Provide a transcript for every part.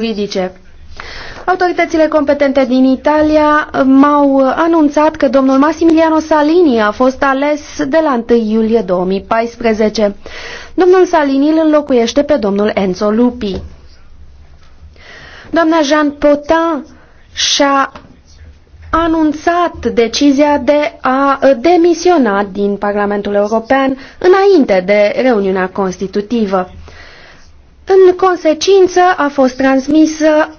juridice. Autoritățile competente din Italia uh, m-au uh, anunțat că domnul Massimiliano Salini a fost ales de la 1 iulie 2014. Domnul Salini îl înlocuiește pe domnul Enzo Lupi. Doamna Jean Potin și-a anunțat decizia de a uh, demisiona din Parlamentul European înainte de reuniunea constitutivă. În consecință a fost transmisă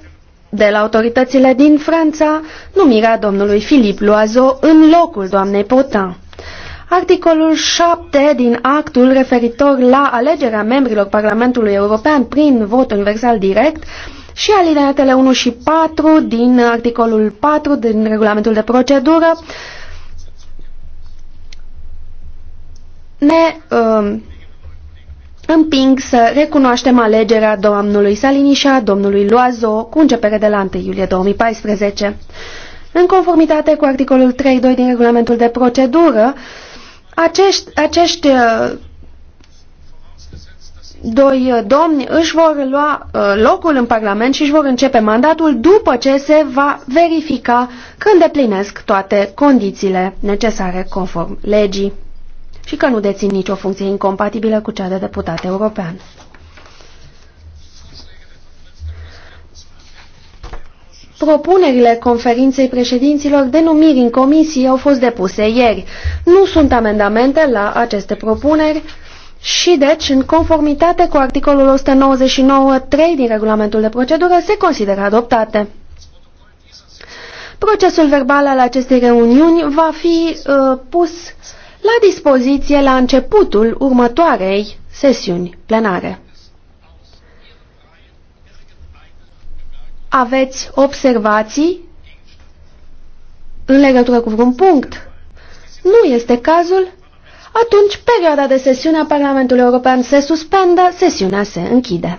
de la autoritățile din Franța numirea domnului Filip Loazo în locul doamnei Potin. Articolul 7 din actul referitor la alegerea membrilor Parlamentului European prin vot universal direct și alineatele 1 și 4 din articolul 4 din regulamentul de procedură ne uh, împing să recunoaștem alegerea domnului Salini și a domnului Loazo cu începere de la 1 iulie 2014. În conformitate cu articolul 3.2 din regulamentul de procedură, acești, acești uh, doi domni își vor lua uh, locul în Parlament și își vor începe mandatul după ce se va verifica când îndeplinesc toate condițiile necesare conform legii și că nu dețin nicio funcție incompatibilă cu cea de deputat european. Propunerile conferinței președinților de numiri în comisie au fost depuse ieri. Nu sunt amendamente la aceste propuneri și deci, în conformitate cu articolul 199.3 din regulamentul de procedură, se consideră adoptate. Procesul verbal al acestei reuniuni va fi uh, pus la dispoziție la începutul următoarei sesiuni plenare. Aveți observații în legătură cu vreun punct? Nu este cazul? Atunci, perioada de sesiune a Parlamentului European se suspendă, sesiunea se închide.